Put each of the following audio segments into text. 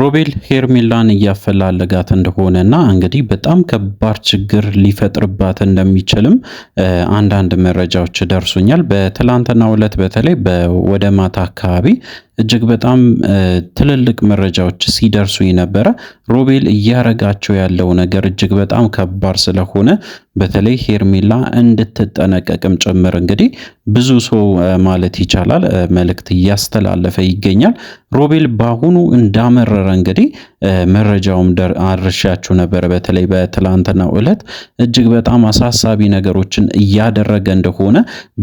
ሮቤል ሄርሜላን እያፈላለጋት እንደሆነና እንግዲህ በጣም ከባድ ችግር ሊፈጥርባት እንደሚችልም አንዳንድ መረጃዎች ደርሶኛል። በትላንትና ዕለት በተለይ ወደ ማታ አካባቢ እጅግ በጣም ትልልቅ መረጃዎች ሲደርሱ የነበረ ሮቤል እያረጋቸው ያለው ነገር እጅግ በጣም ከባድ ስለሆነ በተለይ ሄርሜላ እንድትጠነቀቅም ጭምር እንግዲህ ብዙ ሰው ማለት ይቻላል መልእክት እያስተላለፈ ይገኛል። ሮቤል በአሁኑ እንዳመረረ እንግዲህ መረጃውም አድርሻችሁ ነበር። በተለይ በትላንትናው ዕለት እጅግ በጣም አሳሳቢ ነገሮችን እያደረገ እንደሆነ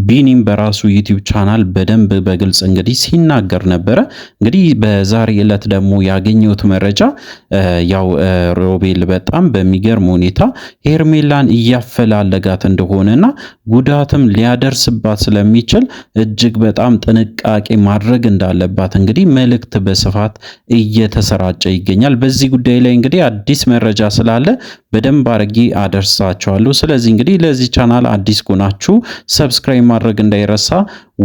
ቢኒም በራሱ ዩቲዩብ ቻናል በደንብ በግልጽ እንግዲህ ሲናገር ነበረ። እንግዲህ በዛሬ ዕለት ደግሞ ያገኘሁት መረጃ ያው ሮቤል በጣም በሚገርም ሁኔታ ሄርሜላን እያፈላለጋት እንደሆነና ጉዳትም ሊያደርስባት ስለሚችል እጅግ በጣም ጥንቃቄ ማድረግ እንዳለባት እንግዲህ መልእክት በስፋት እየተሰራጨ ይገኛል። ይገኛል። በዚህ ጉዳይ ላይ እንግዲህ አዲስ መረጃ ስላለ በደንብ አድርጌ አደርሳችኋለሁ። ስለዚህ እንግዲህ ለዚህ ቻናል አዲስ ከሆናችሁ ሰብስክራይብ ማድረግ እንዳይረሳ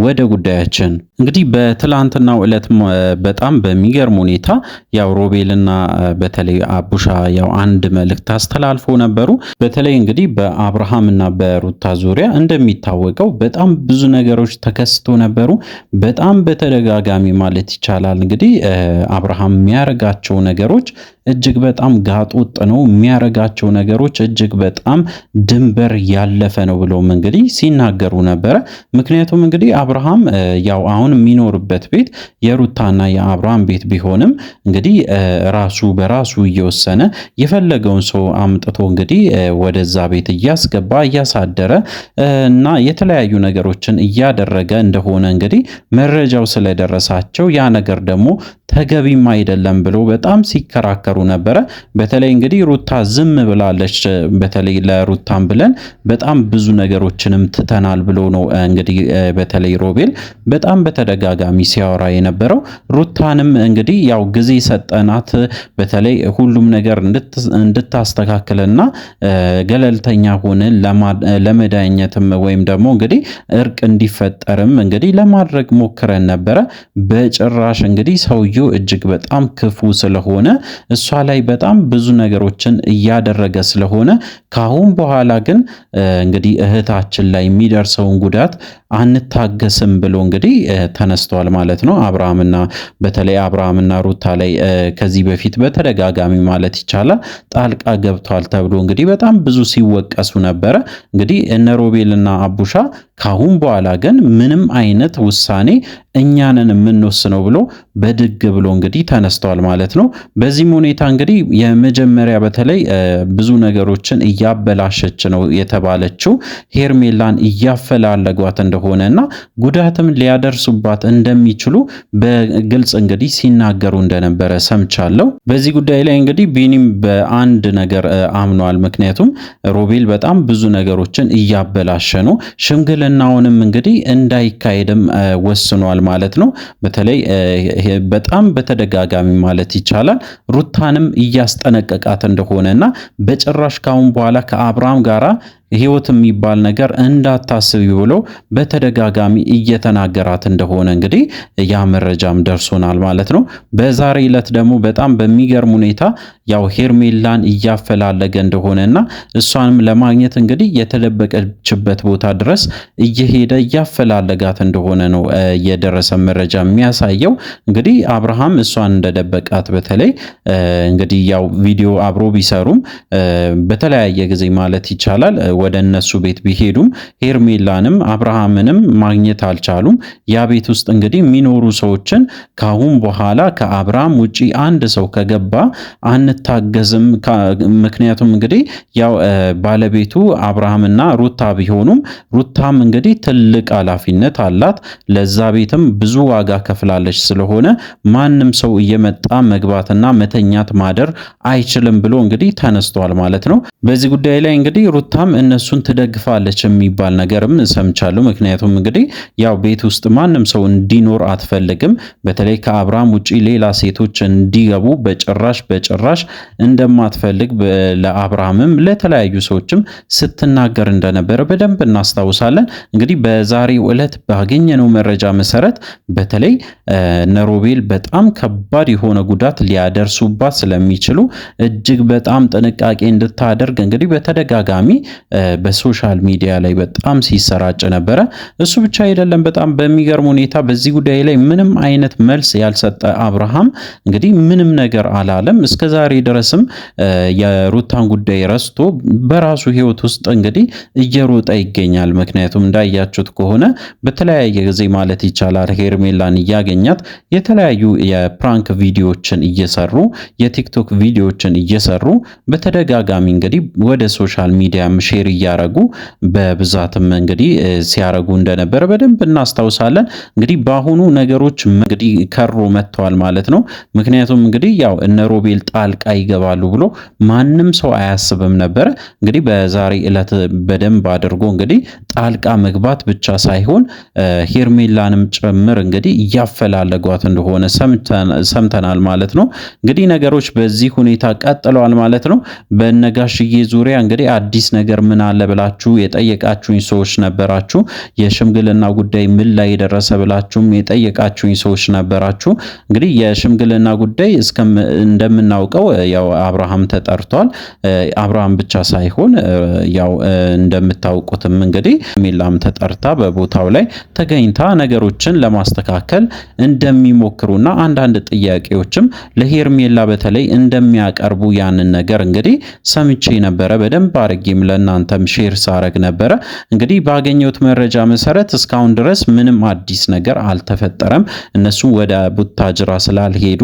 ወደ ጉዳያችን እንግዲህ በትላንትናው ዕለት በጣም በሚገርም ሁኔታ ያው ሮቤልና በተለይ አቡሻ ያው አንድ መልእክት አስተላልፎ ነበሩ። በተለይ እንግዲህ በአብርሃምና በሩታ ዙሪያ እንደሚታወቀው በጣም ብዙ ነገሮች ተከስቶ ነበሩ። በጣም በተደጋጋሚ ማለት ይቻላል እንግዲህ አብርሃም የሚያደርጋቸው ነገሮች እጅግ በጣም ጋጦጥ ነው የሚያረጋቸው ነገሮች እጅግ በጣም ድንበር ያለፈ ነው ብለውም እንግዲህ ሲናገሩ ነበረ። ምክንያቱም እንግዲህ አብርሃም ያው አሁን የሚኖርበት ቤት የሩታና የአብርሃም ቤት ቢሆንም እንግዲህ ራሱ በራሱ እየወሰነ የፈለገውን ሰው አምጥቶ እንግዲህ ወደዛ ቤት እያስገባ እያሳደረ እና የተለያዩ ነገሮችን እያደረገ እንደሆነ እንግዲህ መረጃው ስለደረሳቸው ያ ነገር ደግሞ ተገቢም አይደለም ብሎ በጣም ሲከራከር ሲከራከሩ ነበረ። በተለይ እንግዲህ ሩታ ዝም ብላለች። በተለይ ለሩታም ብለን በጣም ብዙ ነገሮችንም ትተናል ብሎ ነው እንግዲህ በተለይ ሮቤል በጣም በተደጋጋሚ ሲያወራ የነበረው። ሩታንም እንግዲህ ያው ጊዜ ሰጠናት፣ በተለይ ሁሉም ነገር እንድታስተካክልና ገለልተኛ ሆነን ለመዳኘትም ወይም ደግሞ እንግዲህ እርቅ እንዲፈጠርም እንግዲህ ለማድረግ ሞክረን ነበረ። በጭራሽ እንግዲህ ሰውየው እጅግ በጣም ክፉ ስለሆነ እሷ ላይ በጣም ብዙ ነገሮችን እያደረገ ስለሆነ ከአሁን በኋላ ግን እንግዲህ እህታችን ላይ የሚደርሰውን ጉዳት አንታገስም ብሎ እንግዲህ ተነስቷል ማለት ነው። አብርሃምና በተለይ አብርሃምና ሩታ ላይ ከዚህ በፊት በተደጋጋሚ ማለት ይቻላል ጣልቃ ገብቷል ተብሎ እንግዲህ በጣም ብዙ ሲወቀሱ ነበረ። እንግዲህ እነ ሮቤልና አቡሻ ከአሁን በኋላ ግን ምንም አይነት ውሳኔ እኛንን የምንወስነው ብሎ በድግ ብሎ እንግዲህ ተነስተዋል ማለት ነው። በዚህም ሁኔታ እንግዲህ የመጀመሪያ በተለይ ብዙ ነገሮችን እያበላሸች ነው የተባለችው ሄርሜላን እያፈላለጓት እንደሆነ እና ጉዳትም ሊያደርሱባት እንደሚችሉ በግልጽ እንግዲህ ሲናገሩ እንደነበረ ሰምቻለሁ። በዚህ ጉዳይ ላይ እንግዲህ ቢኒም በአንድ ነገር አምኗል። ምክንያቱም ሮቤል በጣም ብዙ ነገሮችን እያበላሸ ነው፣ ሽምግልናውንም እንግዲህ እንዳይካሄድም ወስኗል ይሆናል ማለት ነው። በተለይ በጣም በተደጋጋሚ ማለት ይቻላል ሩታንም እያስጠነቀቃት እንደሆነና በጭራሽ ካሁን በኋላ ከአብርሃም ጋራ ህይወት የሚባል ነገር እንዳታስቢ ብሎ በተደጋጋሚ እየተናገራት እንደሆነ እንግዲህ ያ መረጃም ደርሶናል ማለት ነው። በዛሬ ዕለት ደግሞ በጣም በሚገርም ሁኔታ ያው ሄርሜላን እያፈላለገ እና እሷንም ለማግኘት እንግዲህ የተደበቀችበት ቦታ ድረስ እየሄደ እያፈላለጋት እንደሆነ ነው የደረሰ መረጃ የሚያሳየው። እንግዲህ አብርሃም እሷን እንደደበቃት በተለይ እንግዲህ ያው ቪዲዮ አብሮ ቢሰሩም በተለያየ ጊዜ ማለት ይቻላል ወደ እነሱ ቤት ቢሄዱም ሄርሜላንም አብርሃምንም ማግኘት አልቻሉም። ያ ቤት ውስጥ እንግዲህ የሚኖሩ ሰዎችን ካሁን በኋላ ከአብርሃም ውጪ አንድ ሰው ከገባ አንታገዝም። ምክንያቱም እንግዲህ ያው ባለቤቱ አብርሃምና ሩታ ቢሆኑም ሩታም እንግዲህ ትልቅ ኃላፊነት አላት። ለዛ ቤትም ብዙ ዋጋ ከፍላለች። ስለሆነ ማንም ሰው እየመጣ መግባትና መተኛት ማደር አይችልም ብሎ እንግዲህ ተነስቷል ማለት ነው። በዚህ ጉዳይ ላይ እንግዲህ ሩታም እነሱን ትደግፋለች የሚባል ነገርም ሰምቻለሁ። ምክንያቱም እንግዲህ ያው ቤት ውስጥ ማንም ሰው እንዲኖር አትፈልግም። በተለይ ከአብርሃም ውጪ ሌላ ሴቶች እንዲገቡ በጭራሽ በጭራሽ እንደማትፈልግ ለአብርሃምም ለተለያዩ ሰዎችም ስትናገር እንደነበረ በደንብ እናስታውሳለን። እንግዲህ በዛሬው ዕለት ባገኘነው መረጃ መሰረት በተለይ ነሮቤል በጣም ከባድ የሆነ ጉዳት ሊያደርሱባት ስለሚችሉ እጅግ በጣም ጥንቃቄ እንድታደርግ እንግዲህ በተደጋጋሚ በሶሻል ሚዲያ ላይ በጣም ሲሰራጭ ነበረ። እሱ ብቻ አይደለም። በጣም በሚገርም ሁኔታ በዚህ ጉዳይ ላይ ምንም አይነት መልስ ያልሰጠ አብርሃም እንግዲህ ምንም ነገር አላለም። እስከ ዛሬ ድረስም የሩታን ጉዳይ ረስቶ በራሱ ህይወት ውስጥ እንግዲህ እየሮጠ ይገኛል። ምክንያቱም እንዳያችሁት ከሆነ በተለያየ ጊዜ ማለት ይቻላል ሄርሜላን እያገኛት የተለያዩ የፕራንክ ቪዲዮዎችን እየሰሩ የቲክቶክ ቪዲዮዎችን እየሰሩ በተደጋጋሚ እንግዲህ ወደ ሶሻል ሚዲያም ሼር እያረጉ በብዛትም እንግዲህ ሲያረጉ እንደነበረ በደንብ እናስታውሳለን። እንግዲህ በአሁኑ ነገሮች እንግዲህ ከሮ መጥተዋል ማለት ነው። ምክንያቱም እንግዲህ ያው እነ ሮቤል ጣልቃ ይገባሉ ብሎ ማንም ሰው አያስብም ነበረ። እንግዲህ በዛሬ ዕለት በደንብ አድርጎ እንግዲህ ጣልቃ መግባት ብቻ ሳይሆን ሄርሜላንም ጭምር እንግዲህ እያፈላለጓት እንደሆነ ሰምተናል ማለት ነው። እንግዲህ ነገሮች በዚህ ሁኔታ ቀጥለዋል ማለት ነው። በነጋሽዬ ዙሪያ እንግዲህ አዲስ ነገር ምን አለ ብላችሁ የጠየቃችሁኝ ሰዎች ነበራችሁ። የሽምግልና ጉዳይ ምን ላይ የደረሰ ብላችሁም የጠየቃችሁኝ ሰዎች ነበራችሁ። እንግዲህ የሽምግልና ጉዳይ እንደምናውቀው ያው አብርሃም ተጠርቷል። አብርሃም ብቻ ሳይሆን ያው እንደምታውቁትም እንግዲህ ሚላም ተጠርታ በቦታው ላይ ተገኝታ ነገሮችን ለማስተካከል እንደሚሞክሩና አንዳንድ ጥያቄዎችም ለሄርሜላ በተለይ እንደሚያቀርቡ ያንን ነገር እንግዲህ ሰምቼ ነበረ። በደንብ አድርጌም ለእናንተ ለእናንተም ሼር ሳረግ ነበረ። እንግዲህ ባገኘሁት መረጃ መሰረት እስካሁን ድረስ ምንም አዲስ ነገር አልተፈጠረም። እነሱ ወደ ቡታጅራ ስላልሄዱ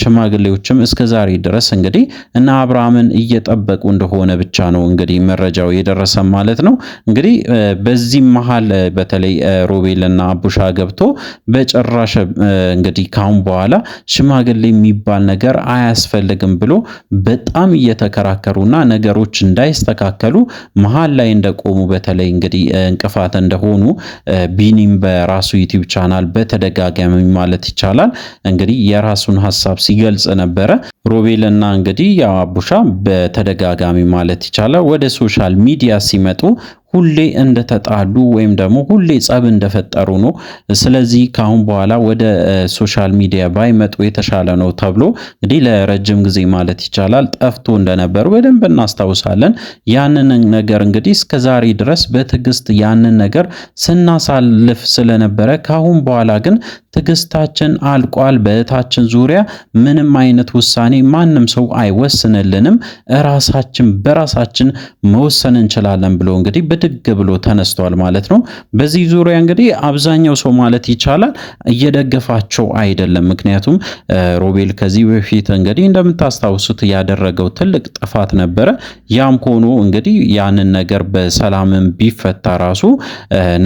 ሽማግሌዎችም እስከ ዛሬ ድረስ እንግዲህ እና አብርሃምን እየጠበቁ እንደሆነ ብቻ ነው እንግዲህ መረጃው የደረሰ ማለት ነው። እንግዲህ በዚህም መሀል በተለይ ሮቤልና አቡሻ ገብቶ በጭራሽ እንግዲህ ካሁን በኋላ ሽማግሌ የሚባል ነገር አያስፈልግም ብሎ በጣም እየተከራከሩና ነገሮች እንዳይስተካከሉ መሀል ላይ እንደቆሙ በተለይ እንግዲህ እንቅፋት እንደሆኑ ቢኒም በራሱ ዩቲዩብ ቻናል በተደጋጋሚ ማለት ይቻላል እንግዲህ የራሱን ሀሳብ ሲገልጽ ነበረ። ሮቤልና እንግዲህ ያው አቡሻ በተደጋጋሚ ማለት ይቻላል ወደ ሶሻል ሚዲያ ሲመጡ ሁሌ እንደተጣሉ ወይም ደግሞ ሁሌ ጸብ እንደፈጠሩ ነው። ስለዚህ ከአሁን በኋላ ወደ ሶሻል ሚዲያ ባይመጡ የተሻለ ነው ተብሎ እንግዲህ ለረጅም ጊዜ ማለት ይቻላል ጠፍቶ እንደነበሩ በደንብ እናስታውሳለን። ያንን ነገር እንግዲህ እስከ ዛሬ ድረስ በትዕግስት ያንን ነገር ስናሳልፍ ስለነበረ ከአሁን በኋላ ግን ትዕግስታችን አልቋል። በእህታችን ዙሪያ ምንም አይነት ውሳኔ ማንም ሰው አይወስንልንም፣ ራሳችን በራሳችን መወሰን እንችላለን ብሎ እንግዲህ ብድግ ብሎ ተነስቷል ማለት ነው። በዚህ ዙሪያ እንግዲህ አብዛኛው ሰው ማለት ይቻላል እየደገፋቸው አይደለም። ምክንያቱም ሮቤል ከዚህ በፊት እንግዲህ እንደምታስታውሱት ያደረገው ትልቅ ጥፋት ነበረ። ያም ሆኖ እንግዲህ ያንን ነገር በሰላምን ቢፈታ ራሱ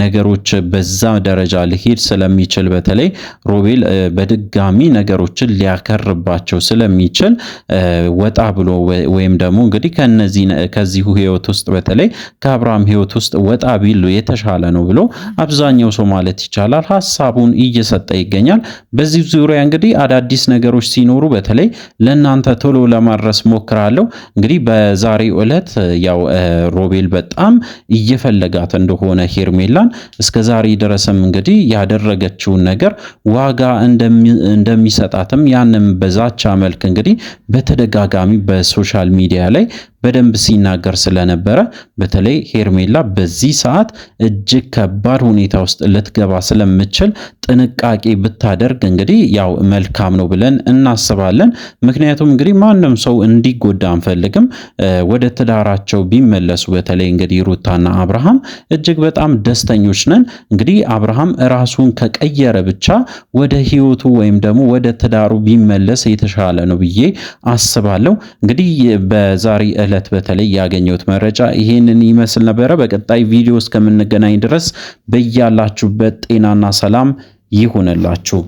ነገሮች በዛ ደረጃ ሊሄድ ስለሚችል በተለይ ሮቤል በድጋሚ ነገሮችን ሊያከርባቸው ስለሚችል ስለሚችል ወጣ ብሎ ወይም ደግሞ እንግዲህ ከነዚህ ከዚሁ ህይወት ውስጥ በተለይ ከአብርሃም ህይወት ውስጥ ወጣ ቢሉ የተሻለ ነው ብሎ አብዛኛው ሰው ማለት ይቻላል ሀሳቡን እየሰጠ ይገኛል። በዚህ ዙሪያ እንግዲህ አዳዲስ ነገሮች ሲኖሩ በተለይ ለእናንተ ቶሎ ለማድረስ ሞክራለሁ። እንግዲህ በዛሬው ዕለት ያው ሮቤል በጣም እየፈለጋት እንደሆነ ሄርሜላን እስከ ዛሬ ድረስም እንግዲህ ያደረገችውን ነገር ዋጋ እንደሚሰጣትም ያንም በዛቻ መልክ እንግዲህ በተደጋጋሚ በሶሻል ሚዲያ ላይ በደንብ ሲናገር ስለነበረ በተለይ ሄርሜላ በዚህ ሰዓት እጅግ ከባድ ሁኔታ ውስጥ ልትገባ ስለምችል ጥንቃቄ ብታደርግ እንግዲህ ያው መልካም ነው ብለን እናስባለን። ምክንያቱም እንግዲህ ማንም ሰው እንዲጎዳ አንፈልግም። ወደ ትዳራቸው ቢመለሱ በተለይ እንግዲህ ሩታና አብርሃም እጅግ በጣም ደስተኞች ነን። እንግዲህ አብርሃም ራሱን ከቀየረ ብቻ ወደ ህይወቱ ወይም ደግሞ ወደ ትዳሩ ቢመለስ የተሻለ ነው ብዬ አስባለሁ። እንግዲህ በዛሬ ዕለት በተለይ ያገኘሁት መረጃ ይህንን ይመስል ነበረ። በቀጣይ ቪዲዮ እስከምንገናኝ ድረስ በያላችሁበት ጤናና ሰላም ይሁንላችሁ።